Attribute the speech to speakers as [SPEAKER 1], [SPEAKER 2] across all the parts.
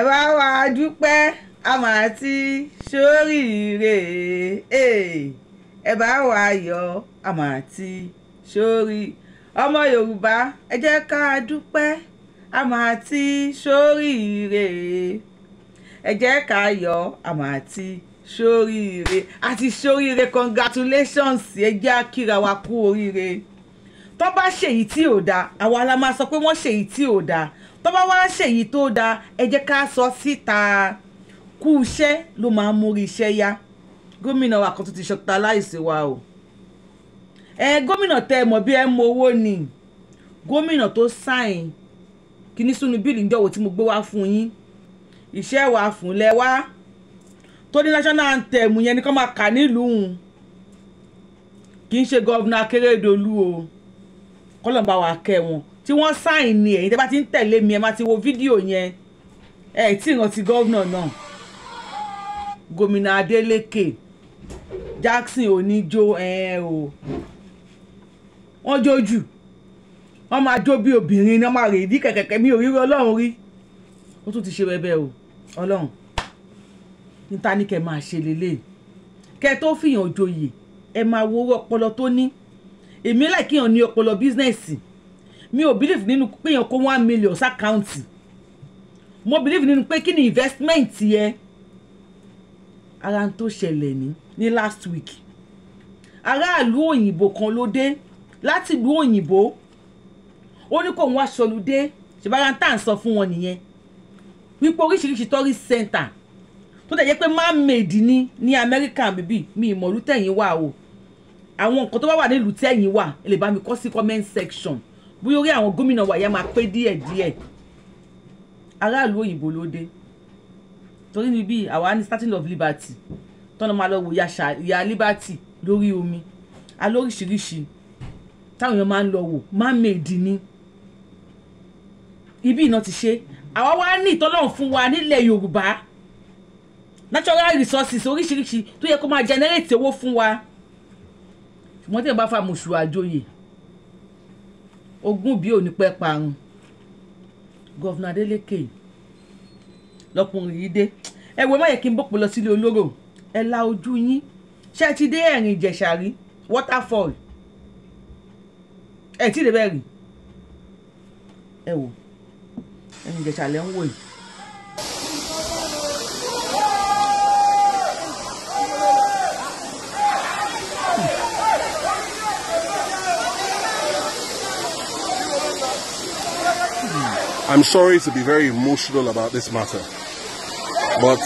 [SPEAKER 1] ẹ bá wa dúpẹ́ a máa ti ṣoríire ẹ bá wa yọ̀ a máa ti ṣorí ọmọ Yorùbá ẹ jẹ́ ká dúpẹ́ a máa ti ṣoríire ẹ jẹ́ ká yọ̀ a máa ti ṣoríire àti ṣoríire congratulations ẹ jẹ́ àkíra wa kú oríire tó bá ṣèyí tí ò dáa àwa la máa sọ pé wọ́n ṣèyí tí ò dáa tọ́ba wá ṣèyí tó dáa ẹ jẹ́ ká sọ síta kú iṣẹ́ ló máa ń mórí iṣẹ́ yá gómìnà wa kan tó ti ṣọta láìsí wa o ẹ gómìnà tẹ ẹ mọ̀ bí ẹ mọ owó ni gómìnà tó sáìn kíní sunu bíìlì ìjọwò tí mo gbé wá fún yín iṣẹ́ wa fún lẹ wá tó ní national anthem yẹn ni kó máa kà nílùú kì í ṣe gọ́vnà akérèdọ́lù o kọ́lọ́mbà wa kẹ́ wọn tí wọ́n sáìn ni ẹ̀yin tẹ́ bá ti ń tẹ̀lé mi ẹ máa ti wo fídíò yẹn ẹ tí ìrántí gómìnà náà gómìnà Adeleke Jackson oníjó ẹ o wọ́n jó jù wọ́n máa jó bí obìnrin náà máa rè dí kẹ̀kẹ̀kẹ̀ mi ò ríro ọlọ́run rí ó tún ti ṣe bẹ́ẹ̀ o ọlọ́run níta ni kẹ́ máa ṣe lélẹ̀ kẹ́ tó fìyàn joyè ẹ máa wo ọpọlọ tó ní èmi láì kíyàn ní ọpọlọ bísínẹ́sì mi ò believe nínú pé èèyàn kó one million sákàǹtì mo believe nínú pé kí ni investment yẹ ara tó ṣẹlẹ̀ ní ní last week aráàlú òyìnbó kan ló dé láti ìlú òyìnbó ó ní kó wọn aṣọlùdé ṣèbára tá à ń sọ fún wọn nìyẹn wípé oríṣiríṣi tourist center tó dẹ̀ jẹ́ pé man-made ní ní amẹ́ríkà bíbí mi ìmọ̀lú tẹ̀yìn wà o àwọn nǹkan tó bá wà nílùú tẹ̀yìn wà ẹ lè bá mi kọ sí comment section bí orí àwọn gómìnà wa yẹn máa pé díẹ̀ díẹ̀ aráàlú òyìnbó ló dé torí níbí àwa ní starting of liberty tọ́nà máa lọ wò ya liberty lórí omi alóríṣiríṣi táwọn èèyàn máa ń lọ wò máa ń mèdì ni ibi iná ti ṣe àwa wá ní ìtọ́lọ́run fún wa nílẹ̀ yorùbá natural resources oríṣiríṣi tó yẹ kó máa generate owó fún wa ṣùgbọ́n tí èèyàn bá fa mùsùlùmí àjòyè ogún bíi òní pẹ́ parun gọ́vnà Adeleke lọkùnrin yìí dé ẹ wo máyẹ̀ kí n bọ́pọ̀ lọ sílé olóró ẹ la ojú yín ṣé ẹ ti dé ẹ̀rìn ìjẹ̀ṣà rí waterfall ẹ tí ì rí ẹ wò ẹ̀rìn ìjẹ̀ṣà ń wò yìí.
[SPEAKER 2] I'm sorry to be very emotional about this matter, but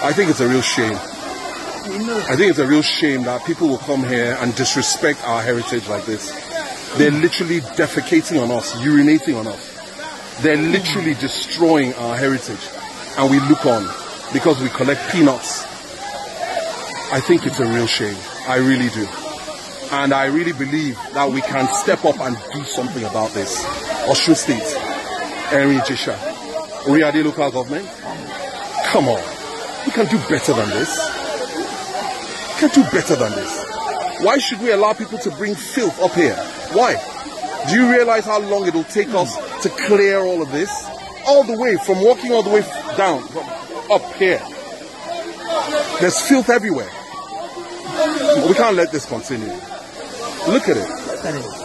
[SPEAKER 2] I think it's a real shame. I think it's a real shame that people will come here and disrespect our heritage like this. They're literally defecating on us, urinating on us. They're literally destroying our heritage, and we look on because we collect peanuts. I think it's a real shame. I really do. And I really believe that we can step up and do something about this. Ocean State, Henry Jisha. We are the local government. Come on. We can do better than this. We can do better than this. Why should we allow people to bring filth up here? Why? Do you realize how long it'll take us to clear all of this? All the way, from walking all the way down, up here. There's filth everywhere. We can't let this continue. Look at it.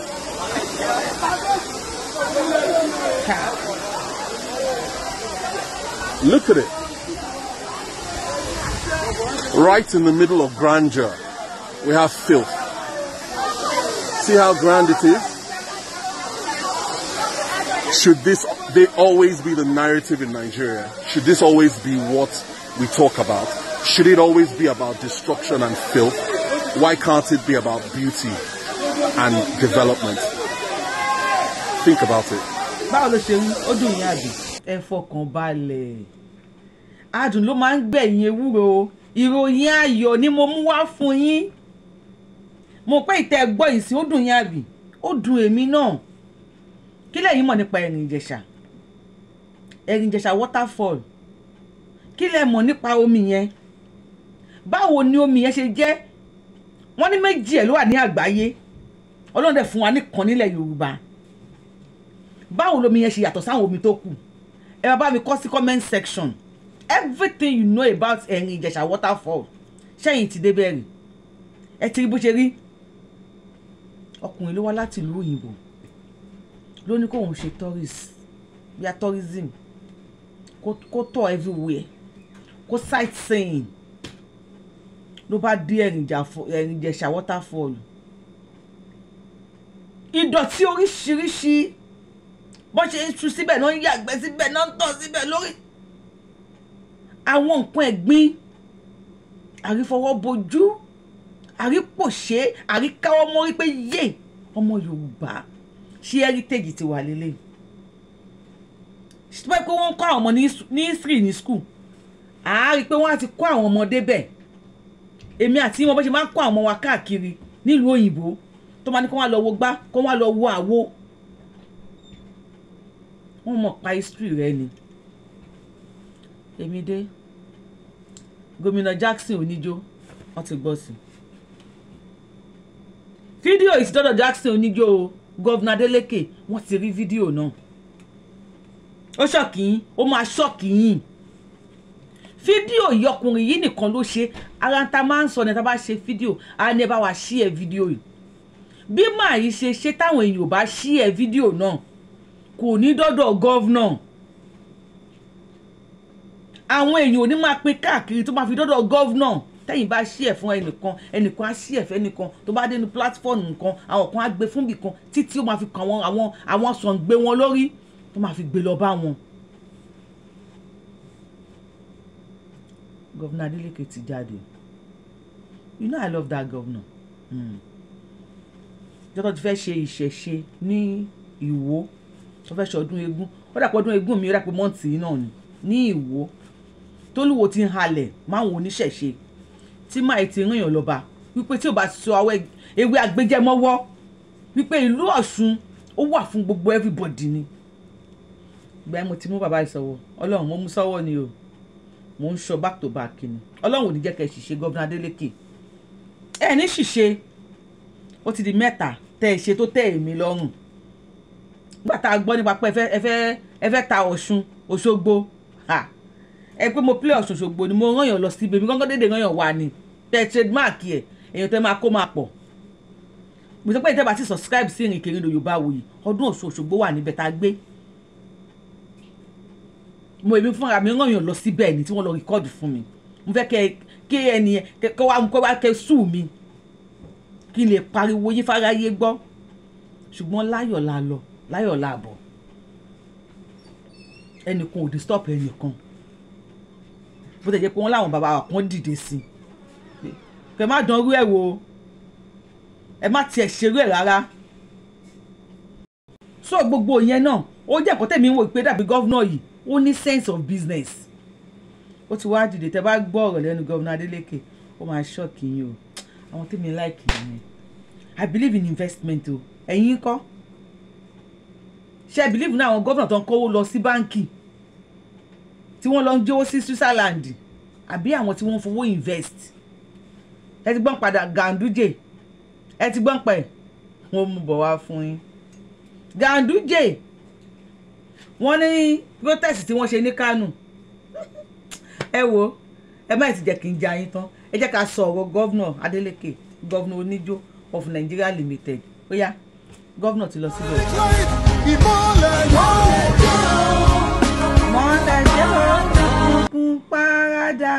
[SPEAKER 2] Look at it. Right in the middle of grandeur, we have filth. See how grand it is? Should this they always be the narrative in Nigeria? Should this always be what we talk about? Should it always be about destruction and filth? Why can't it be about beauty and development? Think about it.
[SPEAKER 1] ẹ fọkàn balẹ̀ adùn ló máa ń gbẹ̀yìn ewúro ìròyìn ayọ̀ ni mo mú wá fún yín mo pé ìtẹ́ gbọ́ ìsìn ó dùn yín àbí ó dùn èmi náà kí lẹ́yìn mọ̀ nípa ẹ̀rìn ìjẹ̀ṣà ẹ̀rìn ìjẹ̀ṣà waterfall kí lẹ́ mọ̀ nípa omi yẹn báwo ni omi yẹn ṣe jẹ́ wọ́n ní méjì ẹ̀ ló wà ní àgbáyé ọlọ́run dẹ̀ fún wa nìkan nílẹ̀ yorùbá báwo lomi yẹn ṣe yàtọ̀ sáwọn omi tó kù ẹ bàbá mi kọ sí comment section everything you know about ẹ̀rìn ìjẹ̀ṣà waterfall ṣẹ́yìn ti débẹ̀ rí ẹ ti rí bó ṣe rí ọkùnrin ló wá láti ìlú òyìnbó ló ní kóun ṣe tourist bíi tourism kó tọ̀ everywhere kó sightseeing ló bá dé ẹ̀rìn ìjẹ̀ṣà waterfall ìdọ̀tí oríṣiríṣi bó ṣe ń su síbẹ̀ náà ń yàgbẹ́ síbẹ̀ náà ń tọ̀ síbẹ̀ lórí àwọn nǹkan ẹ̀gbin àrífọwọ́bojú àrípòṣe àríkáwọ́ mórí pé yé ọmọ Yorùbá ṣé heritage ti wà lélẹ̀ pé pé wọ́n ń kọ́ àwọn ọmọ ní history ní school àárí pé wọ́n á ti kọ́ àwọn ọmọdé bẹ́ẹ̀ èmi àti wọn bó ṣe máa ń kọ́ àwọn ọmọ wa káàkiri nílùú òyìnbó tó máa ní kó wá lọ wo gbá kó wá lọ wo àwo wọ́n mọ̀ pa history rẹ ni èmi dé gómìnà Jackson oníjó wọ́n ti gbọ́ sí fídíò ìsìtọ́dọ̀ Jackson oníjó o gọ́vnà Adeleke wọ́n ti rí fídíò náà ó ṣọ́ọ̀kì yín ó máa ṣọ́ọ̀kì yín fídíò yìí ọkùnrin yìí nìkan ló ṣe ara ta máa ń sọ ní ta bá ṣe fídíò a ní ẹ bá wa ṣí ẹ fídíò yìí bí màá yìí ṣe ṣe táwọn èèyàn ò bá ṣí ẹ fídíò náà kò ní dọ́dọ̀ gọ́vnà àwọn èèyàn ò ní máa pín káàkiri tó máa fi dọ́dọ̀ gọ́vnà tẹ́yìn bá ṣí ẹ̀ ẹnìkan ẹnìkan á ṣí ẹ̀ fún tó bá dé ní platform àwọn kan á gbé fún ibìkan títí ó máa fi kàn àwọn àwọn sọ̀ǹgbé wọn lórí tó máa fi gbé lọ bá wọn. Governor Adeleke ti jáde you know I love that governor hmm. jọ́tọ̀ ti fẹ́ ṣe ìṣẹ̀ṣe ní Ìwó tó fẹ́ ṣọdún eégún ó dàpọ̀ ọdún eégún mi ó dàpọ̀ mọ́ǹtì náà ni ní ìwó tólúwo ti ń halẹ̀ máwọn oníṣẹ̀ṣe tí máì ti rán èèyàn lọ́ba wípé tí ò bá sọ àwọn ewé agbẹ́jẹ́mọ́wọ́ wípé ìlú Ọ̀ṣun ó wà fún gbogbo everybody ni gbẹ́ mo ti mú bàbá ìsọ̀wọ́ ọlọ́run mo mú sọ́wọ́ ni o mo ń sọ back to back ni ọlọ́run ò ní jẹ́ kẹ́ ṣìṣe gọ́vnà Adélékè ẹ ní ṣìṣe ó ti di mẹ́ta tẹ́ ẹ ṣe tó tẹ́ èmi lọ́rùn nígbà tá a gbọ́ nípa pé ẹ fẹ́ ẹ fẹ́ ta ọ̀ṣun òṣogbo ẹ pé mo play ọ̀ṣun òṣogbo ni mo rán yàn lọ síbi èmi gángan dédé rán wà ní tẹ trademark yẹ èyàn tẹ máa kó máa pọ̀ mo sọ pé ìjọba ti subscribe sí ìrìn kèrindò yorùbá wòye ọdún ọ̀ṣun òṣogbo wà níbẹ̀ tá a gbé mo èmi fúnra mi rán yàn lọ síbẹ̀ ni tí wọ́n lọ rìkọ́ọ̀dù fún mi mo fẹ́ kẹ kí ẹni kẹ wá kẹ wá kẹ sùn mi kí n lè pariwo yín fáráyé gbọ́ ṣùgbọ́n láyọ̀ la lọ láyọ̀ láàbọ̀ ẹnìkan ò disturb ẹnìkan bó ti jẹ́ pé wọ́n láwọn bàbá wa kan dìde sí i kẹ má dán irú ẹ̀ wò ẹ má tiẹ̀ ṣerú ẹ̀ rárá so gbogbo yẹn náà ó jẹ́ ẹ̀kọ́ tẹ̀mí wò pé dàbí gọ́vnà yìí ó ní sense of business ó ti wá dìde tẹ bá gbọ́ ọ̀rọ̀ lẹ́nu gọ́vnà Adeleke ó máa ṣọ́ọ̀kì yín o àwọn tèmi láìkì yín I believe in investment o ẹ̀yin kọ́ ṣe believe ní àwọn gómìnà tó ń kówó lọ sí báǹkì tí wọ́n lọ ń jówó sí Switzerland àbí àwọn tí wọ́n ń fowó invest ẹ ti gbọ́n padà Ganduje ẹ ti gbọ́n pẹ̀ wọ́n mú bọ̀ wá fún yín Ganduje wọ́n ní protest tí wọ́n ṣe ní Kánò ẹ wo ẹ má ti jẹ́ kí n jẹ ayín tán ẹ jẹ́ ká sọ ọ̀rọ̀ Adeleke gọ́vnà Oníjó of Nigeria Limited ó yá gọ́vnà ti lọ síbẹ̀ ìmọ́lẹ̀ yóò.
[SPEAKER 2] mọ́lẹ̀ dé o
[SPEAKER 1] òkùnkùn paradà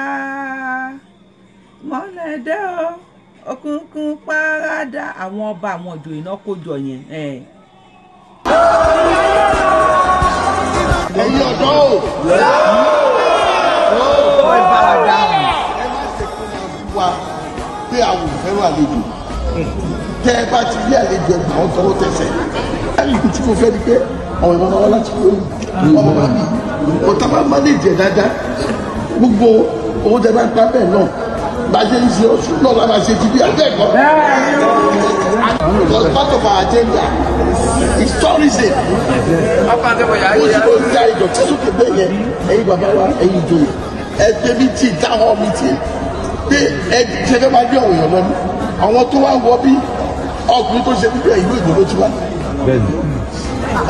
[SPEAKER 1] mọ́lẹ̀ dé o òkùnkùn paradà àwọn ọba àwọn ọ̀dọ́ iná kójọ yẹn. ẹ̀yin ọ̀dọ́ o pé
[SPEAKER 3] àwọn ò fẹ́ràn àlejò tẹ́ ẹ bá ti rí àlejò ẹgbàá ọ̀tọ̀ ó ẹ̀yìn tí mo fẹ́ ni pé àwọn ìwọ̀n láti lóyún ọmọ máa mi ọ̀tá máa mánéjì ẹ̀ dáadáa gbogbo owó tẹ bá ń pa bẹ́ẹ̀ náà bá ṣe ń ṣe oṣù náà la ṣe ti bí akẹ́kọ̀ọ́. Because part of our agenda is tourism. Ó ti ló ń da ìdọ̀tí sókè bẹ́ẹ̀ yẹn ẹ̀yin bàbá wa ẹ̀yin ìjòyè ẹ̀ ṣe mí tí táwọn mi ti pé ẹ̀ ṣe máa gbé ọ̀wọ̀ lọ́nu àwọn tó wá wọ bí ọkùnrin tó ṣe bíbẹ̀ ìlú ìgbòho ti wá bẹ́ẹ̀ni.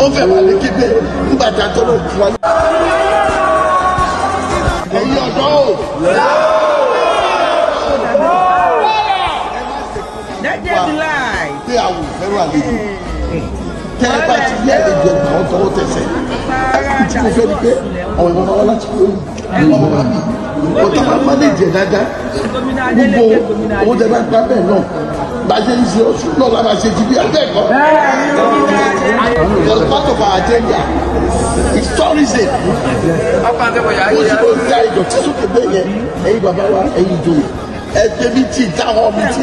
[SPEAKER 3] ó fẹ́ wà ní kíbe nígbà tí a tọ́lọ̀ ju wa. ẹ̀yin ọ̀dọ́ o. pé àwọn ìfẹ́ràn àlejò tẹ́ ẹ bá ti rí àlejò ẹgbà wọn tọwọ́ tẹsẹ̀ tí mo fẹ́ ni pé àwọn ìwọ̀n wọn láti kó ọmọ wa mi ọ̀tá máa ń lè jẹ dáadáa
[SPEAKER 1] gbogbo owó tẹ bá ń
[SPEAKER 3] pa náà bàjẹ́ ń ṣe oṣù lọ́la máa ṣe jìbí abẹ́ẹ̀kọ́. the part of our agenda is tourism. ó sì ló ń dá ìdọ̀tí sókè bẹ́ẹ̀ yẹn ẹ̀yin bàbá wa ẹ̀yin ìjòyè ẹgbẹ́ mi ti dáhọ́ mi ti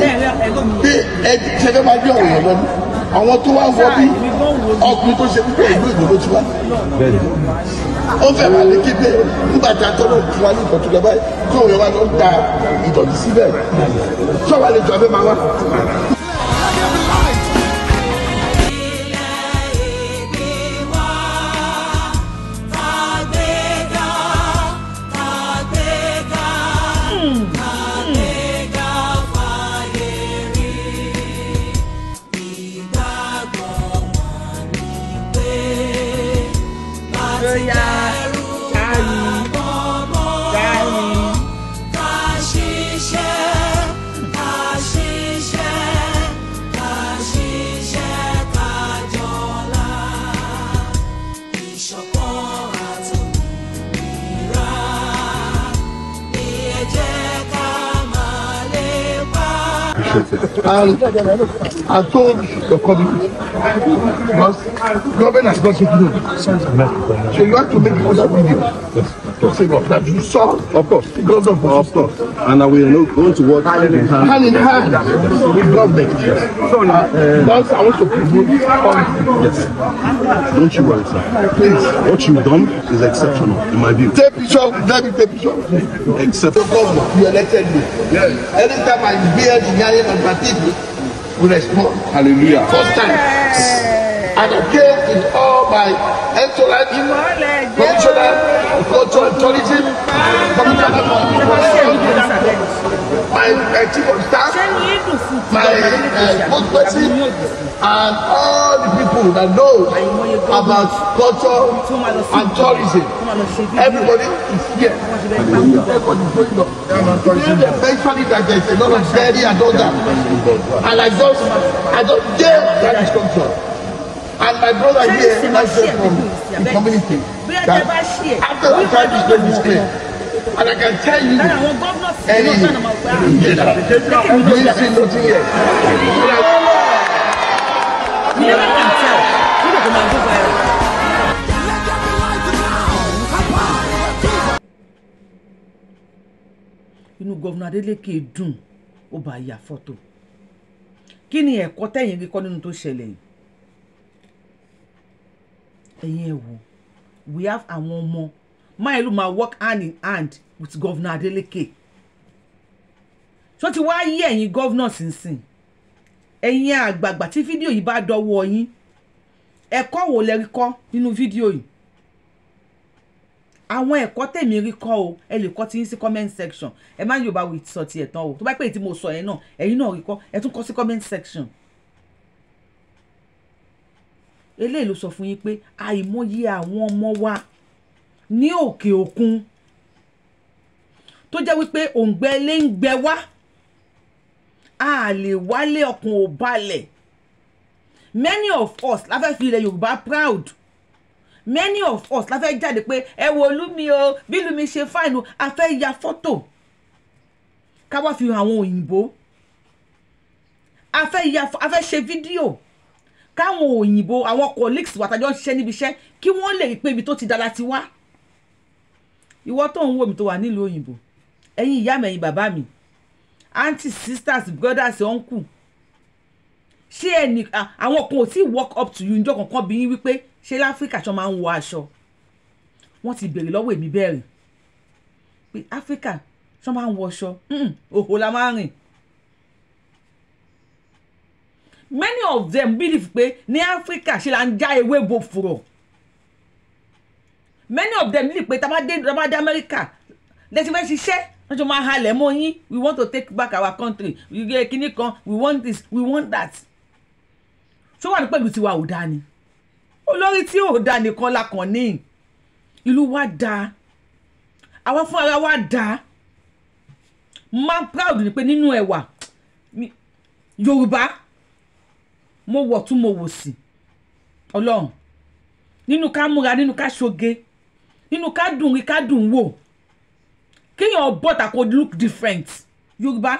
[SPEAKER 3] bí ẹgbẹ́ ṣẹlẹ̀ máa gbé ọ̀rọ̀ lọ́nu àwọn tó wá wọ bí ọkùnrin tó ṣe pípẹ́ ìlú ìgbòho ti wá ó fẹ́ wà ní kíbe nígbà tí a tọ́ ló fún wa ní ìtọ́jú lọ báyìí kí òun yẹn wá lọ da ìtọ́jú síbẹ̀ sọ wà lè jọ abẹ́ máa wá. and I told the community because government has got to do. So you have to make other videos. Yes possible that you saw of course the government for of course and I will not go to work hand in hand hand in hand with government yes. so uh, uh, i want to promote yes don't you worry sir please what you've done is exceptional in my view take picture let me take picture except the you elected me yes anytime i hear the yarn and partition we respond hallelujah first time yes. and i came with all my entourage commissioner tourism community my uh, chief of staff my spokesperson uh, and all the people that know about culture and tourism everybody is here everybody is going up eventually that there is a lot of dairy and all that and i just i don't dey that is culture and my brother here has said from the community that after I try to explain this thing and I can tell you any ah, you see nothing here. You never tell. You never can go viral.
[SPEAKER 1] inú gọ́vùnà Adeleke dùn ó bá ya fọ́tò kí ni ẹ̀kọ́ tẹ̀yìn rí kọ́ nínú tó ṣẹlẹ̀ yìí ẹ̀yin ẹ̀ wò we have àwọn ọmọ máìlú máa work hand in hand with governor Adeleke tó ti wá yí ẹ̀yin governor sínsìn ẹ̀yin àgbààgbà tí fídíò yìí bá dọ́wọ́ yín ẹ̀kọ́ wo lẹ rí kọ́ nínú fídíò yìí àwọn ẹ̀kọ́ tèmi rí kọ́ o ẹ lè kọ́ ti yín sí comment section ẹ má Yorùbá wí sọ tiẹ̀ tán o tó bá pè tí mo sọ yẹn náà ẹ̀yin náà rí kọ́ ẹ tún kọ́ sí comment section eléyìí ló sọ fún yín pé àìmọye àwọn ọmọ wa ní òkè òkun tó jẹ́ wípé òǹgbẹ lé ń gbẹ wá a lè wálé ọkàn ò balẹ̀ many of us la fẹ́ fi ilẹ̀ Yorùbá proud many of us la fẹ́ jáde pé ẹ wo olúmi o bí lumi ṣe fáìlù a fẹ́ ya fọ́tò ká wá fi hàn àwọn òyìnbó a fẹ́ ya a fẹ́ ṣe fídíò káwọn òyìnbó àwọn colleagues wa tàjọ ń ṣiṣẹ́ níbi iṣẹ́ kí wọ́n lè rí pé ibi tó ti dára ti wá ìwọ tó ń wò mí tó wà nílùú òyìnbó ẹ̀yin ìyá mi ẹ̀yin bàbá mi aunties sisters brothers uncle ṣé ẹnì àwọn kan ò tí ì work up to you níjọ́ kankan bí yín wípé ṣé láfíríkà ṣan máa ń wọ aṣọ wọ́n ti béèrè lọ́wọ́ èmi bẹ́ẹ̀ rìn pé áfíríkà ṣan máa ń wọ aṣọ òhò la máa ń rìn many of them believe pé ní Africa ṣe là ń já ewé bo fùrọ̀ many of them believe pé tabadé tabadé America lẹ́sìn fẹ́ ṣiṣẹ́ wọ́n tún máa halẹ̀ mọ́ yín we want to take back our country yíyẹ kínní kan we want this we want that So wà ní pẹ̀lú tiwa ò dáa ni olórí tí ò dáa nìkan la kàn ní ìlú wa dáa àwa fún ara wa dáa máa proud ni pé nínú ẹwà Yorùbá mo wọ̀ tún mo wò sí ọlọ́run nínú ká múra nínú ká ṣoge nínú ká dùn rí ká dùn wò kéèyàn bọ́tà kó look different yorùbá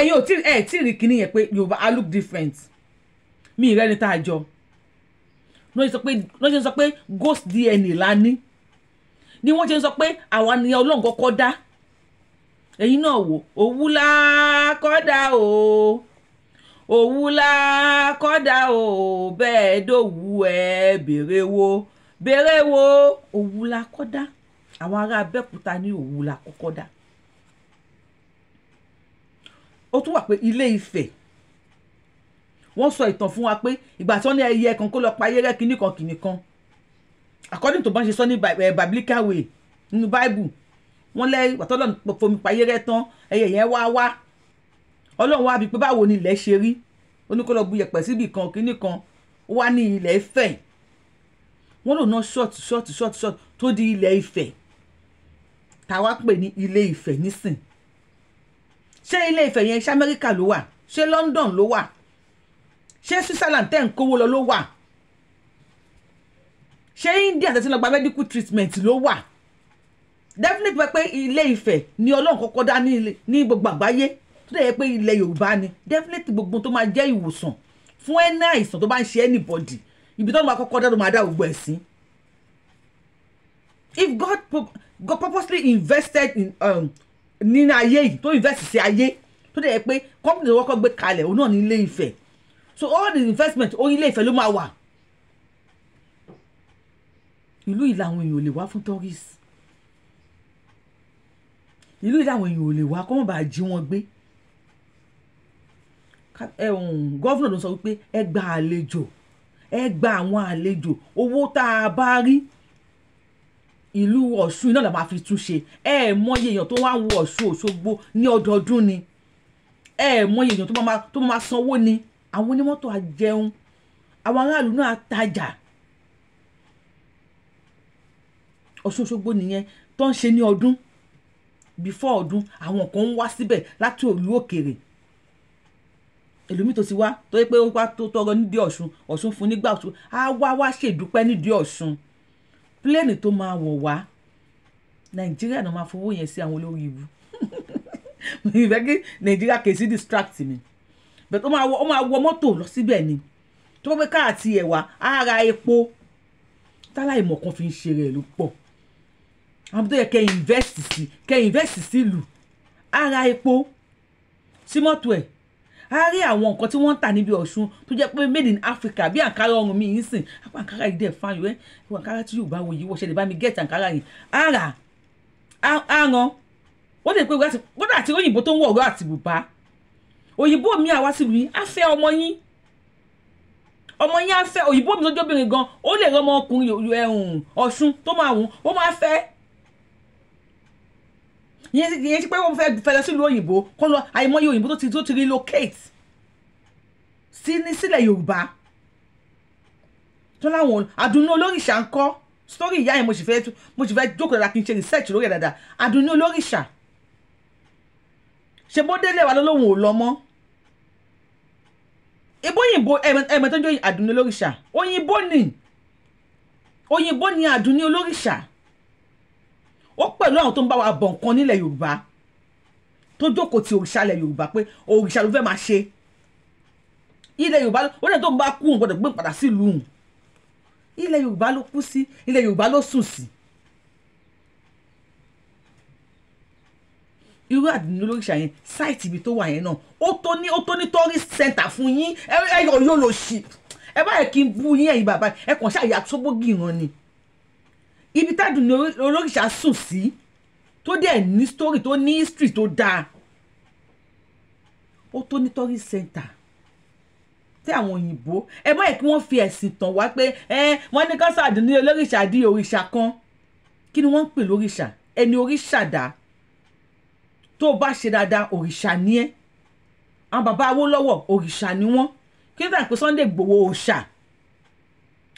[SPEAKER 1] ẹ̀yin ò tí ẹ̀ tí rí kíní yẹn pé yorùbá i look different mi ìrẹ́ni tá a jọ ló ṣe sọ pé ghost dna lani. ni wọ́n ṣe sọ pé àwa ni ọlọ́run kọ́kọ́ dá ẹ̀yin náà wò òwúlà kọ́dà o òwú la kọ́dà o bẹ́ẹ̀ dòwú ẹ bèrè wo bèrè wo òwú la kọ́dà àwọn ará abẹ́òkúta ní òwú la kọ́kọ́ ó tún wà pé ilé ifẹ̀ wọ́n sọ ìtàn fún wa pé ìgbà tí wọ́n ní ẹyẹ kan kó lọ pa ayẹyẹ kìíní kan kìíní kan according to bọ́n ṣe sọ ní eh, biblical way nínú bible wọ́n lẹ́yìn wàtọ́lọ́nù fomi pa ayẹyẹ tán ẹyẹ yẹn wá wá ọlọ́run wá bí pé báwo ni ilẹ̀ ṣe rí ó ní kó lọ bu yẹ̀pẹ̀ síbì kan kínní kan ó wá ní ilẹ̀ Ifẹ̀ wọ́n lò ná ṣọ́ọ̀tì ṣọ́ọ̀tì ṣọ́ọ̀tì ṣọ́ọ̀tì tó di ilẹ̀ a táwa pè ní ilé Ifẹ̀ nísìn ṣé ilé Ifẹ̀ yẹn ṣé Amẹ́ríkà ló wà ṣé London ló wà ṣé Switzerland tẹ̀ ń kówó lọ ló wà ṣé India tẹ̀sí lọ gba medical treatment ló wà definitely pé ilé Ifẹ̀ ni ọlọ́run kọ́kọ́ dá ní gbogbo àgbáyé tó dẹ̀ yẹ pé ilẹ̀ yorùbá ni definitely gbogbo tó máa jẹ́ ìwòsàn fún ẹni àìsàn tó bá ń ṣe anybody ibi tó ń bá kọ́kọ́ dá ló máa dá gbogbo ẹ̀ sí. if God, God purposely invested in um, nínú ayé yìí tó invest sí ayé tó dẹ̀ yẹ pé company wọ́kọ́ gbé kalẹ̀ òun náà ní ilé ìfẹ́ so all the investment orí ilé ìfẹ́ ló máa wà ìlú yìí làwọn èèyàn ò lè wá fún tourist ìlú yìí làwọn èèyàn ò lè wá kó má bàa jí wọn gbé Eh, um, gọ́vnà ló sọ wípé ẹ gba àlejò ẹ gba àwọn àlejò owó tá a bá rí ìlú ọ̀ṣun náà la máa fi túnṣe ẹ mọyì èèyàn tó wá ń wo ọ̀ṣun òṣogbo ní ọdọọdún ni ẹ mọyì èèyàn tó máa sanwó ni àwọn onímọ́tò àjẹun àwọn aráàlú náà tajà ọ̀ṣun òṣogbo nìyẹn tó ń ṣe ní ọdún bífọ́ ọdún àwọn kan ń wá síbẹ̀ láti òlú òkèrè ẹlòmíì tó ti wá tó yẹ pé ó wá tó tọrọ nídìí ọ̀ṣun ọ̀ṣun fún nígbà ọ̀ṣun á wá wá ṣèdúpẹ́ nídìí ọ̀ṣun pílẹ̀nì tó máa wọ̀ wá nàìjíríà náà máa fowó yẹn sí àwọn olórí ìlú ìfẹ́ kí nàìjíríà kì í sí distract mi bẹ́ẹ̀ ó máa wọ mọ́tò lọ síbẹ̀ ni tó bá pé káàtì ẹ̀wà á ra epo tálá ìmọ̀ kan fi ń ṣe rẹ̀ ló pọ̀ àwọn tó yẹ kẹ́ invest sí kẹ́ invest sí ìlú á ra epo sí mọ́tò ẹ̀ a rí àwọn nǹkan tí wọ́n ń tà níbi ọ̀ṣun tó jẹ́ pé made in Africa bí àǹkárá ọrùn mi yìí sìn àpò àǹkárá yìí dẹ̀ fáyọ̀ ẹ́ ìwọ àǹkárá tí yóò bá wo yìí wọ́ṣẹ́ lè bá mi gẹ̀ẹ́tì àǹkárá yìí á rà á ràn wọ́n lè pé wọ́n àti òyìnbó tó ń wọ̀ ọ̀rọ̀ àti bùbá òyìnbó mi àwa sì rí á fẹ́ ọmọ yín ọmọ yín á fẹ́ òyìnbó mi lójóbìnrin gan ó lè rọ́mọ ọkùnrin ọ̀ṣun tó máa wù ú ó máa fẹ́ yẹn ti pé wọ́n fẹ́ fẹ́ lọ sílùú òyìnbó kó lọ àìmọye òyìnbó tó ti tó ti relocate sí ní sílẹ̀ yorùbá tó láwọn àdùnnú olóríṣà ń kọ́ sórí ìyá yẹn mo sì fẹ́ mo sì fẹ́ jókòó dáadáa kí n ṣe research lórí ẹ̀ dáadáa àdùnnú olóríṣà ṣe bó délé wa lọ́lọ́hùn ò lọ mọ́ ìbóyìnbó ẹ̀mẹ̀tọ́jọ́ àdùnnú olóríṣà òyìnbó ni òyìnbó ni àdùnnú olóríṣà ó pẹ̀lú àwọn tó ń bá wa bọ̀ nǹkan nílẹ̀ yorùbá tó jókòó ti òrìṣà ilẹ̀ yorùbá pé òrìṣà ló fẹ́ máa ṣe ilẹ̀ yorùbá ó dẹ̀ tó ń bá kú òun gbọ́dọ̀ gbé padà sílùú òun ilẹ̀ yorùbá ló kú sí ilẹ̀ yorùbá ló sùn sí. irú àdínú lóríṣà yẹn sáìtì ibi tó wà yẹn náà ó tó ní ó tó ní tourist center fún yín ẹ yọ yóò lò sí ẹ báyìí kí n bú yín ẹ̀yin bàbá ẹ kàn ṣáà yà sóbógì ìran ni ibi tádùn ní olóríṣà sùn sí tó dẹ̀ ní story tó ní history tó dáa ó tó ní tourist center tí àwọn òyìnbó ẹ báyìí kí wọ́n fi ẹ̀sìn tàn wá pé wọ́n ní kọ́sàdì ní olóríṣà di òrìṣà kan kí ni wọ́n ń pè lóríṣà ẹni òrìṣà dá tó bá ṣe dáadáa òrìṣà ni ẹ́ àwọn bàbá Awólọ́wọ̀ òrìṣà ni wọ́n kí ló dà pé Sunday Igboho òòṣà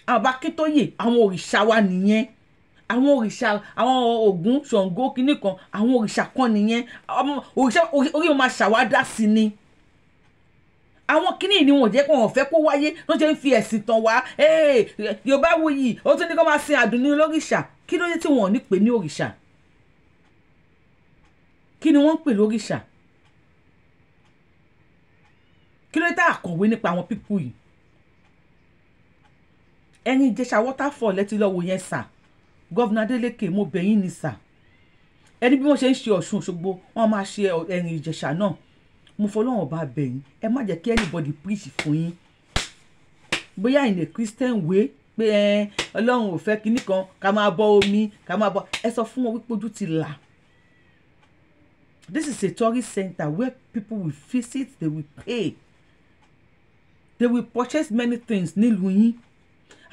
[SPEAKER 1] àwọn bàbá Akíntóyè àwọn òrìṣà wa nìyẹn àwọn òrìṣà àwọn Ògún Ṣàngó kínní kan àwọn òrìṣà kan nìyẹn òrìṣà orí wọn máa ṣàwádà sí ni àwọn kínní ni wọn jẹ́ pé wọn fẹ́ kó wáyé ló jẹ́ ń fi ẹ̀sìn tàn wá yorùbá wuyì ó tún ní kó máa sin àdùnní lórìṣà kí ló dé tí wọn ò ní pè ní òrìṣà kí ni wọ́n ń pè lórìṣà kí ló dé tá àkọ̀wé nípa àwọn pípù yìí ẹ̀yin Ìjẹ̀ṣà waterfall lẹ́tí lọ́wọ́ yẹn sà gọ́vnà Adeleke mo bẹ̀ yín ni sà ẹni bí wọ́n ṣe ń ṣe Ọ̀ṣun Òṣogbo wọ́n máa ṣe ẹ̀rìn Ìjẹ̀ṣà náà mo fọlọ́wọ́n bá bẹ̀ yín ẹ má jẹ́ kí anybody preach fún yín bóyá in a Christian way pé ẹ Ọlọ́run ò fẹ́ kinní kan ká máa bọ omi ká máa bọ ẹ sọ fún wọn wípé ojú ti là this is a tourist center where people will visit they will pay they will purchase many things nílùú yín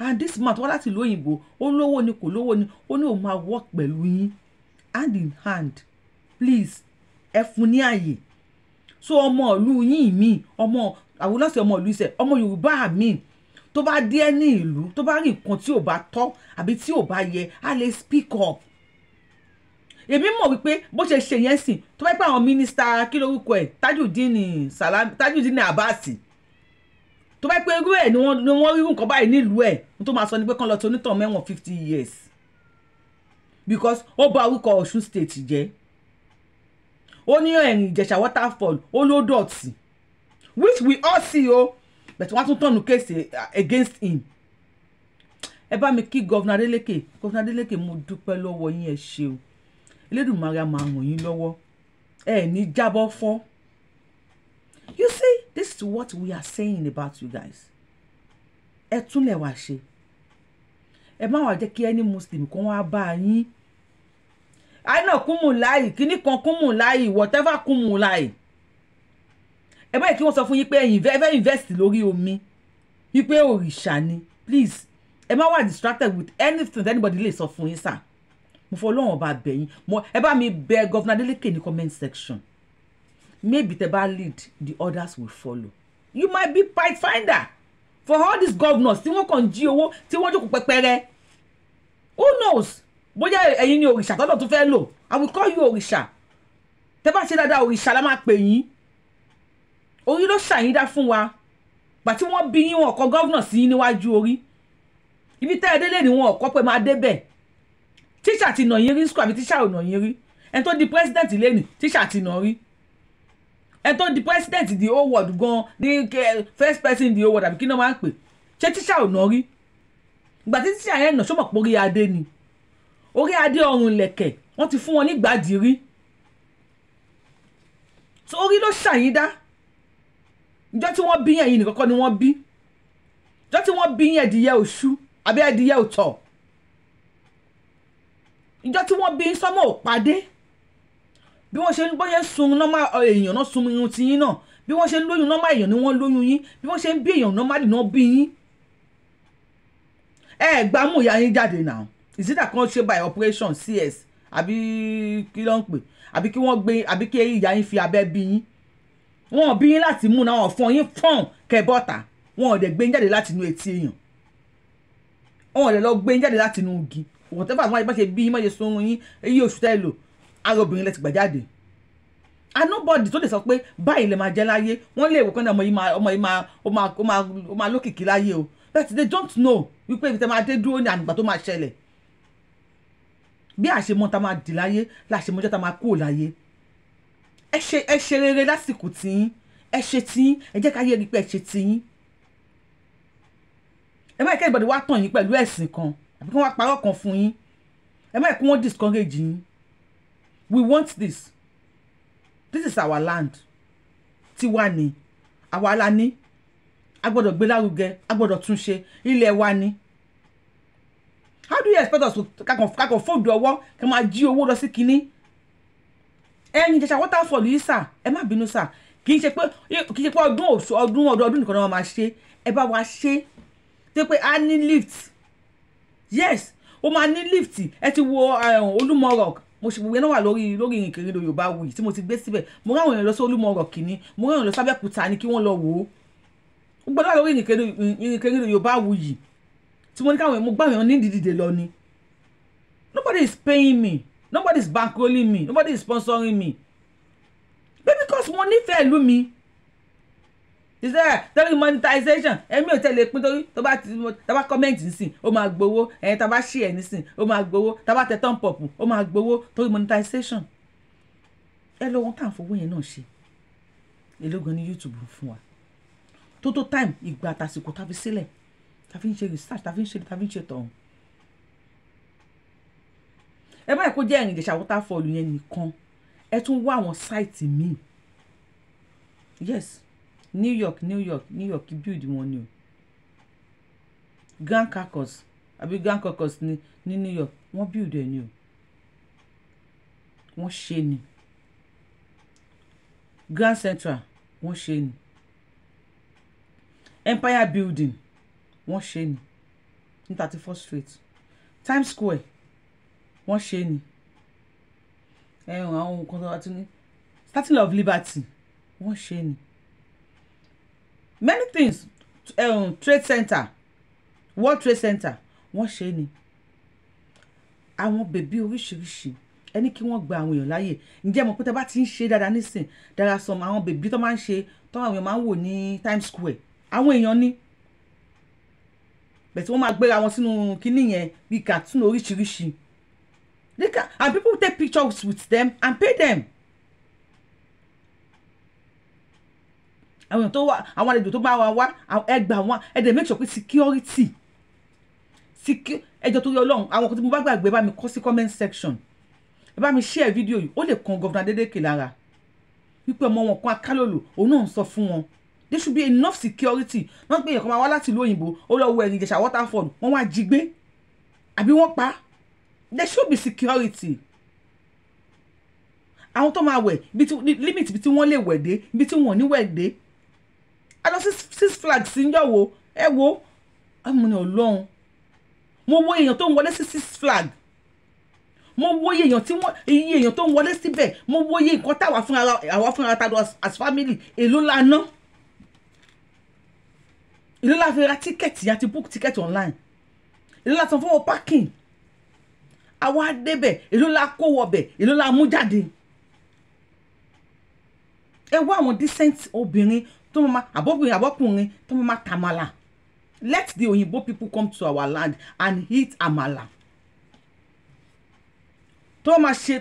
[SPEAKER 1] and this man tó wá láti ìlú òyìnbó ó lówó ni kò lówó ni ó ní òun máa work pẹ̀lú yín hand in hand please ẹ fún ní àyè so ọmọ ìlú yín mi ọmọ àwòlọ́sẹ̀ ọmọ ìlú iṣẹ́ ọmọ Yorùbá mi tó bá dé ní ìlú tó bá rí nǹkan tí ò bá tọ́ àbí tí ò bá yẹ á lè speak up èmi mọ̀ wípé bó ṣe ṣe yẹn sìn tó bá pẹ́ àwọn mínísítà kí lórúkọ ẹ̀ Tajudeen Salami Tajudeen Abasi tó bá pé irú ẹ̀ ni wọ́n ni wọ́n rírun nǹkan báyìí nílùú ẹ̀ n tó máa sọ ni pé kán lọ tó onítàn mẹ́wọ̀n fifty years because ó bà orúkọ Ọ̀ṣun state jẹ́ ó ní ẹ̀rìn eh, Ìjẹ̀ṣà waterfall ó ló dọ̀tí which we all see o oh. but wọ́n á tún tọ̀nù case eh, against him ẹ bá mi kí gọ́vnà Adeleke gọ́vnà Adeleke mo dúpẹ́ lọ́wọ́ yín ẹ ṣeun Elédùmarè máa ràn yín lọ́wọ́ ẹ ní jábọ́ fọ́ to what we are saying about you guys ẹ túnlẹ̀ wá ṣe ẹ má wàá jẹ́ kí ẹni muslim kan wá bá yín àìnà kúmù láì kíní kan kúmù láì whatever kúmù láì ẹ báyìí kí wọ́n sọ fún yín pé ẹ̀yin fẹ́ invest lórí omi wípé òrìṣà ni please ẹ má wà distracted with anything that anybody lè sọ fún yín sà mo fọ ọlọ́run ọba bẹ̀yìn ẹ bá mi bẹ̀ governor Adeleke ní comment section maybe tẹ́bá lead the others will follow you might be prize finder for all these governors tí wọ́n kàn jí owó tí wọ́n jókòó pẹ́pẹ́rẹ́ who knows bóyá ẹ̀yin ni òrìṣà tọ́lọ̀ tún fẹ́ lò i will call you òrìṣà tẹ́bá ṣe dáadáa òrìṣà la máa pè yín orí ló ṣàyíndá fún wa pàtí wọ́n bí yín wọn kọ gọ́vnà sí yín níwájú orí ibi tẹ́ ẹ délé ni wọn ọ̀kọ́ pé máa débẹ̀ tíṣà ti nà yín rí skul àbí tíṣà ò nà yín rí ẹni tó di president lẹ́nu tíṣà ti nà rí ẹ tó di president the whole world gan ní first person in the whole world àbí kí ni wọ́n máa ń pè ṣé tíṣà ò nà rí ìgbà tí tíṣà yẹn nà ṣó mọ̀ pé orí adé ni orí adé ọrùn lẹ̀kẹ̀ wọ́n ti fún wọn nígbàdí rí so orí ló ṣàyídá ìjọ tí wọ́n bí yẹn yìí nìkọ́kọ́ ni wọ́n bí ìjọ tí wọ́n bí yẹn ẹ̀dìyẹ òṣù àbí ẹ̀dìyẹ òtọ̀ ìjọ tí wọ́n bí sọ́mọ́ ò padé. So bí wọ́n ṣe ń bọ́yẹ́ sun nọ́mà eh, èèyàn náà sun irun tiyín náà bí wọ́n ṣe ń lóyún nọ́mà èèyàn ni wọ́n lóyún yín bí wọ́n ṣe ń bí èèyàn nọ́mà nìyàn bí yín ẹ gbá mú ìyá yín jáde náà ìsítà kan ṣe by operation cs àbí kí ló ń pè àbí kí wọ́n gbé àbí kí ìyá yín fi abẹ́ bí yín wọn ò bí yín láti mú náà ọ̀fọ́n yín fọ́n kẹbọ́ta wọn ò dẹ̀ gbé yín jáde láti inú etí èèyàn wọn ò dẹ̀ lọ gbé yín jáde láti inú igi wọ́n tẹ́fà wọn bá tẹ́ lò ara obìnrin lẹ ti gbà jáde anobody tó lè sọ pé báyìí lè máa jẹ láyé wọn lè wò kán ní ọmọ yìí máa ọmọ yìí máa ó máa ó máa ó máa lókìkí láyé o but they don't know wípé ibi tẹ máa dé dúró ní àgbà tó máa ṣẹlẹ̀ bí àṣemọ ta máa dì láyé láṣemọjọ ta máa kúrò láyé ẹ ṣe ẹ ṣe rere lásìkò tìyín ẹ ṣe tìyín ẹ jẹ́ ká yé rí pé ẹ ṣe tìyín ẹ má kẹ́ ìbọ̀dé wá tàn yín pẹ̀lú ẹ̀sìn kan àbí kí wọ́n wá parọ́ kan fún yín ẹ má kí wọ́n discourage yín we want this this is our land tiwa ni àwa la ní a gbọ́dọ̀ gbé lárugẹ a gbọ́dọ̀ tún ṣe ilẹ̀ wa ni how do you expect us to kakàn fóòdù ọwọ́ kí n máa jí owó lọ sí kinní ẹyin jẹjẹrẹ waterfall yìí sà ẹ má bínú sà kì í ṣe pé kì í ṣe pé ọdún oṣù ọdún ọdún ọdún nìkan náà máa ṣe ẹ bá wa ṣe tó pé a ní lift yes o máa ní lift ẹ ti wo eh, Olúmọ rock mo ṣe gbogbo ẹ náà wà lórí lórí ìrìnkèrindò yorùbá wuyì tí mo ti gbé síbẹ̀ mo ráwọn èèyàn lọ sí olúmọ ọrọ̀ kìíní mo ráwọn èèyàn lọ sábẹ́kúta ni kí wọ́n lọ wò ó gbogbo náà lórí ìrìnkèrindò yorùbá wuyì tí mo ní káwọn mo gbàwọn ní dídìde lọ ni nobody is paying me nobody is bankrolling me nobody is sponsoring me baby cause mo nífẹ̀ẹ́ ìlú mi ìṣe torí monetization èmi ò tẹ̀lé e pín torí tó bá ti tó bá kọ́mẹ́ǹtì nísìn ó máa gbowó ẹ̀yìn tó bá ṣí ẹ̀ nísìn ó máa gbowó tó tẹ thumb up ó máa gbowó torí monetization ẹ lọ wọn tàn fowó yẹn náà ṣe elógun ní YouTube fún wa Total time ìgbà àtàsìkò tá a fi sílẹ̀ tá a fi ń ṣe research tá a fi ń ṣe tá a fi ń ṣe tọ̀hún ẹ báyìí kó jẹ́ ẹ̀rìn ìjẹ̀ṣà waterfall yẹn nìkan ẹ tún wá àwọn sáìtì míì yes new york new york new york build wọn ni o grand carcass àbí grand carcass ni ní new york wọ́n build ẹ̀ ni o wọ́n ṣe ni grand central wọ́n ṣe ni empire building wọ́n ṣe ni ní thirty four street times square wọ́n ṣe ni ẹ̀hún àwọn nǹkan tó wá tún ní statue of liberty wọ́n ṣe ni many things um, trade center world trade center wọ́n ṣe ni àwọn bèbí oríṣiríṣi ẹni kí wọ́n gba àwọn èèyàn láàyè ǹjẹ́ mọ̀ pé tẹ́ bá ti ń ṣe dáadáa nísìn dára sọ àwọn bèbí tó máa ń ṣe tó àwọn èèyàn máa ń wò ní Times Square àwọn èèyàn ní bẹ̀tí wọ́n máa gbéra wọn sínú kinní yẹn bíi cartoon oríṣiríṣi and people take pictures with them and pay them. àwọn èèyàn tó wá àwọn àlejò tó bá wa wá ẹ gbà wọn ẹ dẹ̀ make sure pé security ẹjọ́ tó yọ ọlọ́run àwọn kan tí mo bá gbàgbé bá mi kọ sí comment section ẹ bá mi share video. yìí ó lè kan gọ́vnà Adélékè lára wípé ọmọ wọn kan akálòlò òun náà ń sọ fún wọn there should be enough security wọ́n pè é kan máa wá láti ìlú òyìnbó ó lọ wọ ẹ̀yìn ìjẹ̀ṣà waterfall wọ́n wá jí gbé àbí wọ́n pa there should be security àwọn tó máa wẹ̀ limit ibi tí wọ́n lè wẹ̀ dé ibi tí wọ́n ní wẹ̀ dé six flags ń yọ̀wò ẹ wo amúni ọlọ́run mo wo èèyàn tó ń wọlé sí six flags mo wo iye èèyàn tí wọ́n iye èèyàn tó ń wọlé síbẹ̀ mo wo iye nǹkan táwa fúnra àwa fúnra ta lọ as family èló la ná èló la fi ra tíkẹ́ẹ̀tì àti book tíkẹ́ẹ̀tì online èló la san fọwọ́ parking àwa débẹ̀ èló la kó wọbẹ̀ èló la mú jáde ẹ wá àwọn decent obìnrin tó máa àbọ̀bìnrin àbọ̀kùnrin tó máa tàmàlà let the òyìnbó people come to our land and eat àmàlà tó máa ṣe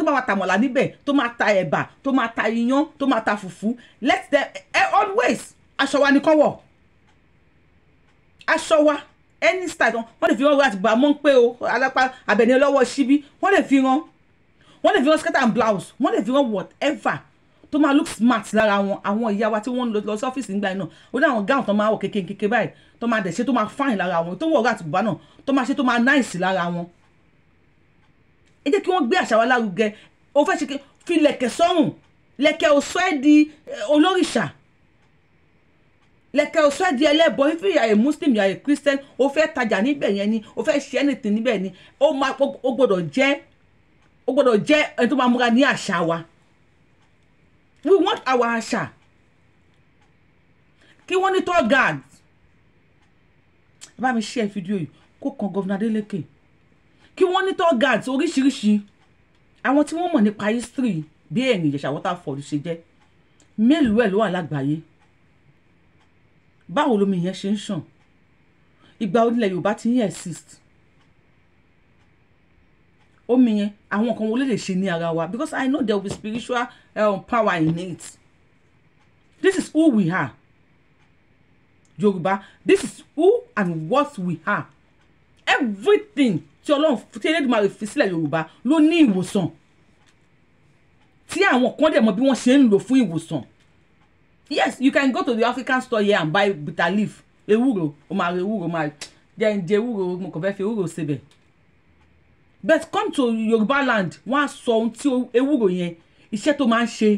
[SPEAKER 1] tó máa tàmàlà níbẹ̀ tó máa ta ẹ̀bà tó máa ta iyán tó máa ta fùfú let them eh, always aṣọ wa nìkan wọ̀ aṣọ wa any style wọ́n lè fi hàn láti gbà mọ́ pé o alápá abẹ̀ni ọlọ́wọ́ síbí wọ́n lè fi hàn wọ́n lè fi hàn skirt and blouse wọ́n lè fi hàn whatever tó máa look smart lára wọn àwọn ìyá wa tí wọ́n ń lọ lọ sọ́fíìsì nígbà yẹn náà ó ní àwọn gáwọn tó máa wọ̀ kékeré kékeré báyìí tó máa dẹ̀ ṣe tó máa fine lára wọn tó wọ̀ ọ̀rọ̀ àtùbá náà tó máa ṣe tó máa nice lára wọn. ẹ jẹ́ kí wọ́n gbé àṣà wa lárugẹ o fẹ́ ṣe fi lẹ̀kẹ̀ sọ́rùn lẹ̀kẹ̀ ò sọ ẹ́ di olórìṣà lẹ̀kẹ̀ ò sọ ẹ́ di ẹlẹ́bọ ife ìyá ẹ̀ muslim ìyá ẹ̀ christian o fẹ́ tajà níbẹ̀ yẹn ni o fẹ́ ṣe anything níbẹ̀ ni o gbọ́dọ̀ jẹ́ o gbọ́dọ̀ jẹ́ ẹni tó máa múra ní àṣà wa we want our àṣà kí wọ́n ní tour guard bá mi share fídíò yìí kó kan gọ́vnà Adeleke kí wọ́n ní tour guard oríṣiríṣi àwọn tí wọ́n mọ̀ nípa history bí ẹ̀yìn Ìjẹ̀ṣà Waterfall ṣe jẹ́ mélòó ẹ̀ ló wà lágbàáyé báwo lomi yẹn ṣe ń ṣàn ìgbà onílẹ̀ Yorùbá ti ń exist omi yẹn àwọn kan wo lè lè ṣe ní ara wa because I know there will be spiritual um, power in it. This is who we are. Yoruba. this is who and what we are. Everything tí Ọlọ́run tí Elédùmarè fi sílẹ̀ Yorùbá ló ní ìwòsàn. Tí àwọn kan dẹ̀ mọ bí wọ́n ṣe ń lò fún ìwòsàn. Yes, you can go to the African store here and buy bitter leaf, ewúro, o máa ra ewúro, o máa jẹ́ ń jẹ ewúro, mo kàn fẹ́ fi ewúro sebẹ̀. But come to Yoruba land, wọ́n á sọ ohun tí ewúro yẹn iṣẹ́ tó máa ń ṣe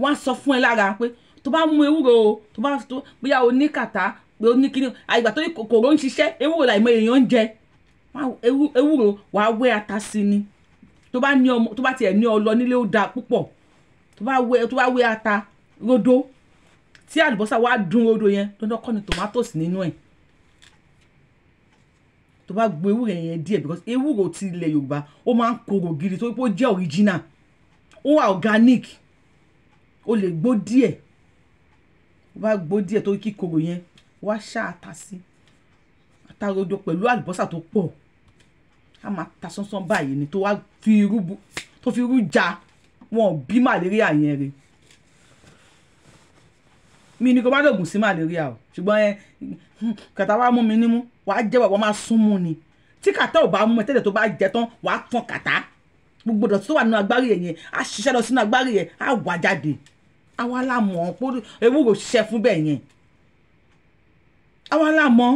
[SPEAKER 1] wọ́n á sọ fún ẹ lára pé tó bá mú ewúro o tó bá tó bóyá o ní kàtá pé o ní kíni àgbà tó ní kòkòrò ń ṣiṣẹ́ ewúro làìmọ èèyàn ń jẹ ewúro wàá wẹ́ ata sí ni tó bá ní ọmọ tó bá tiẹ̀ ní ọlọ nílé ó da púpọ̀ tó bá wé tó bá wé ata rodo tí àlùbọ́sà wá dùn rodo yẹn dandan kọ́ ni tomatoes nínú ẹ̀ tó bá gbo ewúro yẹn díẹ̀ because ewúro ti ilẹ̀ Yorùbá ó máa ń korò gidi tó pé ó jẹ́ original ó wà organic o lè gbó díẹ̀ o bá gbó díẹ̀ tó kí koro yẹn wá ṣá ata sí ata rodo pẹ̀lú àlùbọ́sà tó pọ̀ a máa ta sánsán báyìí ni tó wá fi irú tó fi irú ja wọn bí màlẹ́ríà yẹn rèé mi ni kò bá dògùn sí màlẹ́ríà o ṣùgbọ́n ẹ kàtà wa mú mi nímú wàá jẹ́ wàá máa sún mú ni tí kàtà ò bá mú ẹ tẹ́lẹ̀ tó bá jẹ tán wàá tán kàtà gbogbo dọ̀tí tó wà nínú agbárí yẹn á ṣiṣẹ́ lọ sínú agbárí yẹn á wà jáde àwa la mọ̀ ọ́ pé ewúro ṣiṣẹ́ fún bẹ́ẹ̀ yẹn àwa la mọ̀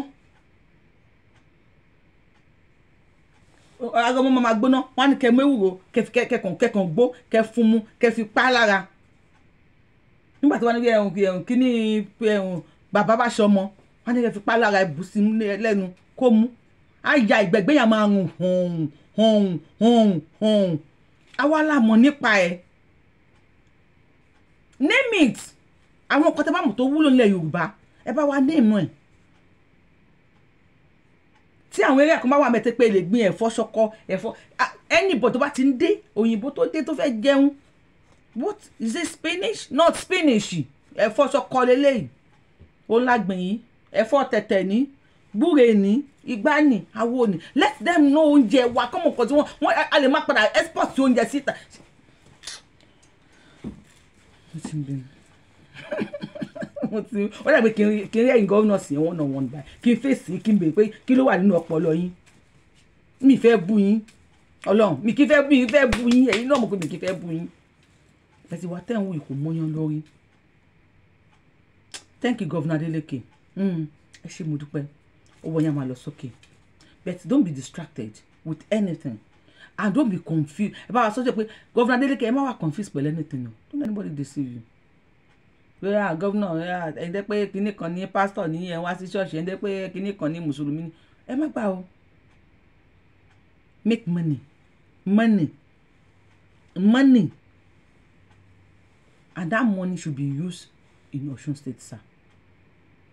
[SPEAKER 1] ara ọmọ máa gbóná wọn á ní kẹ mú ewúro kẹkàn kẹkàn gbó kẹ fún mu kẹ fi pa lára nígbà tí wọn ní ẹhùn ẹhùn kíní ẹhùn bàbá bá ṣe ọmọ wọn ní kẹ fi pa lára ẹbùsí lẹ́nu kó mú á ya ìgbẹ́gbẹ́yà máa rùn hùn hùn hùn hùn àwa la mọ̀ nípa ẹ̀ name it àwọn nǹkan tẹ́ bá mọ̀ tó wúlò nílẹ̀ Yorùbá ẹ bá wa name ẹ̀ tí àwọn eré àkọ́mọ́ wà mẹ́tẹ́ pé lè gbin ẹ̀fọ́ ṣọkọ ẹ̀fọ́ anybody tó bá ti ń dé òyìnbó tó dé tó fẹ́ what is it Spanish? not Spanish. ẹ̀fọ́ ṣọkọ lélẹ́yìí ó lágbìn yìí ẹ̀fọ́ tẹ̀tẹ̀ ní gbúre ní igbá ní awo ní let them know oúnjẹ wa kọ́mọ̀kọ́ tí wọ́n a lè má padà export oúnjẹ síta. mo ti wọ́n dàgbé kí n rí ẹ̀yin gọ́ọ̀nà sí ẹ̀ wọ́n náà wọ́n gbà kí n fèsì kí n bèèrè pé kí ló wà nínú ọpọlọ yín mi fẹ́ bú yín ọlọ́run mi kì í fẹ́ bú yín fẹ́ bú yín ẹ̀yin náà mọ̀ pé mi kì í fẹ́ bú yín ẹ̀sìn wa tẹ̀ ń wo ìkó mọ́yán lórí thank you governor Adeleke hmm, ẹ ṣé mo dúpẹ́ owó yẹn but don't be distracted with anything and don't be confused ẹ bá wa sọ́jọ́ pé Adeleke ẹ má wà confused pẹ̀lú anything o don't anybody deceive you Yeah, gọ́vùnà ẹ̀ǹdẹ́ pé kinní kan ní pastor, ní ẹ̀ wá sí ṣọ́ọ̀ṣì ẹ̀ǹdẹ́ pé kinní kan ní mùsùlùmí ní ẹ má gbà o make money money money and that money should be used in Osun State sir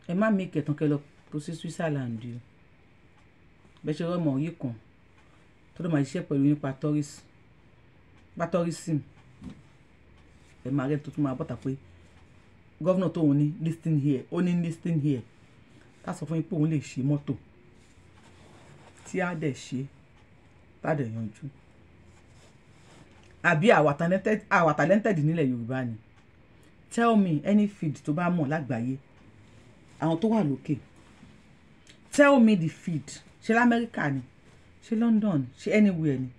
[SPEAKER 1] ẹ má make ẹ̀tàn kẹ lọ lọ sí Switzerland o bẹ́ẹ̀ ṣe rọ́ọ̀mọ̀ yìí kan tó lọ́ máa ṣiṣẹ́ pẹ̀lú nípa tourism ẹ̀ máa rẹ́ tuntun máa bọ́ta pé gọ́vnà tóun ní listing here ó ní listing here tá a sọ fún yín pé òun lè ṣe mọ́tò tí a dẹ̀ ṣe tá a dẹ̀ yanjú àbí àwa talented nílẹ̀ Yorùbá ni tell me any field tó bá mọ̀ lágbàáyé àwọn tó wà lókè tell me the field ṣe lamẹ́ríkà ni ṣe London ṣe anywhere ni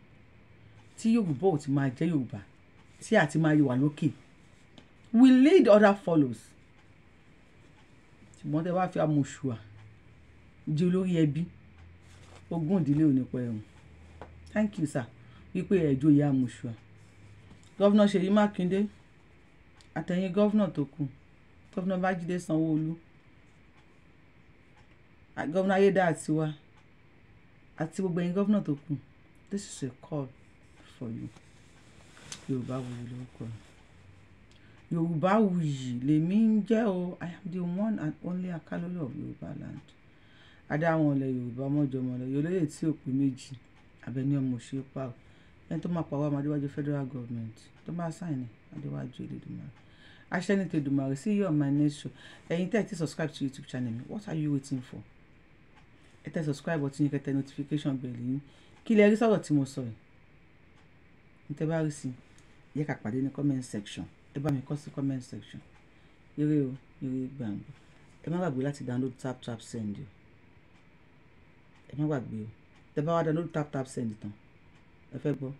[SPEAKER 1] tí Yorùbá ò ti máa jẹ́ Yorùbá tí àti máa yọ lókè we lead other follows ṣùgbọ́n tẹ bá fi amòṣùà di olórí ẹbí ogún ìdílé ò ní thank you sir wípé ẹ̀jọ̀ ìyá amòṣùà gọ́vnà Ṣèyí Mákindé àtẹ̀yìn gọ́vnà tó kù gọ́vnà Bájídé Sanwó-Olú gọ́vnà ayédá àtiwá àti gbogbo ẹ̀yin gọ́vnà tó kù this is a call for you yorùbá wuyì lórúkọ yorùbá wuyì lèmi ń jẹ́ o i am the one and only akálólò of yorùbá land adáwọn ọlẹ yorùbá mọjọmọlẹ yọlọyẹ tí ò pé méjì abẹni ọmọ òṣèré pa o ẹni tó máa pa wá adéwájú federal government tó máa sáìnì adéwájú elédùnmarè aṣẹ́ni tèdùmarè see you on my next show ẹ̀yin tẹ́ ẹ ti subscribe to youtube channel mi what are you waiting for ẹ tẹ subscribe button yín kẹ́ tẹ notification bell yín kí lẹ rí sọ̀rọ̀ tí mo sọ yìí ní bá rí sí yẹ ká pàdé ní comment section ẹ bá mi kọ sí comment section eré o eré gbàǹgbà ẹ má gbàgbé láti download tap tap send o ẹ má gbàgbé o tẹ́ bá wá download tap tap send tán ẹ fẹ́ gbọ́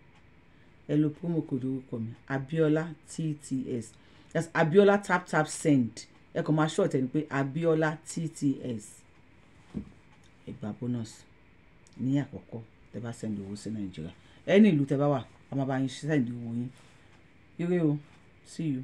[SPEAKER 1] ẹ lo promo code orúkọ mi abiola tts that's abiola tap tap send ẹ kàn máa ṣọ́ọ̀tẹ̀ ni pé abiola tts ẹ bonus ní àkọ́kọ́ tẹ́ bá send owó sí nàìjíríà ẹni ìlú tẹ́ bá wà a bá yín send owó yín ire o see you.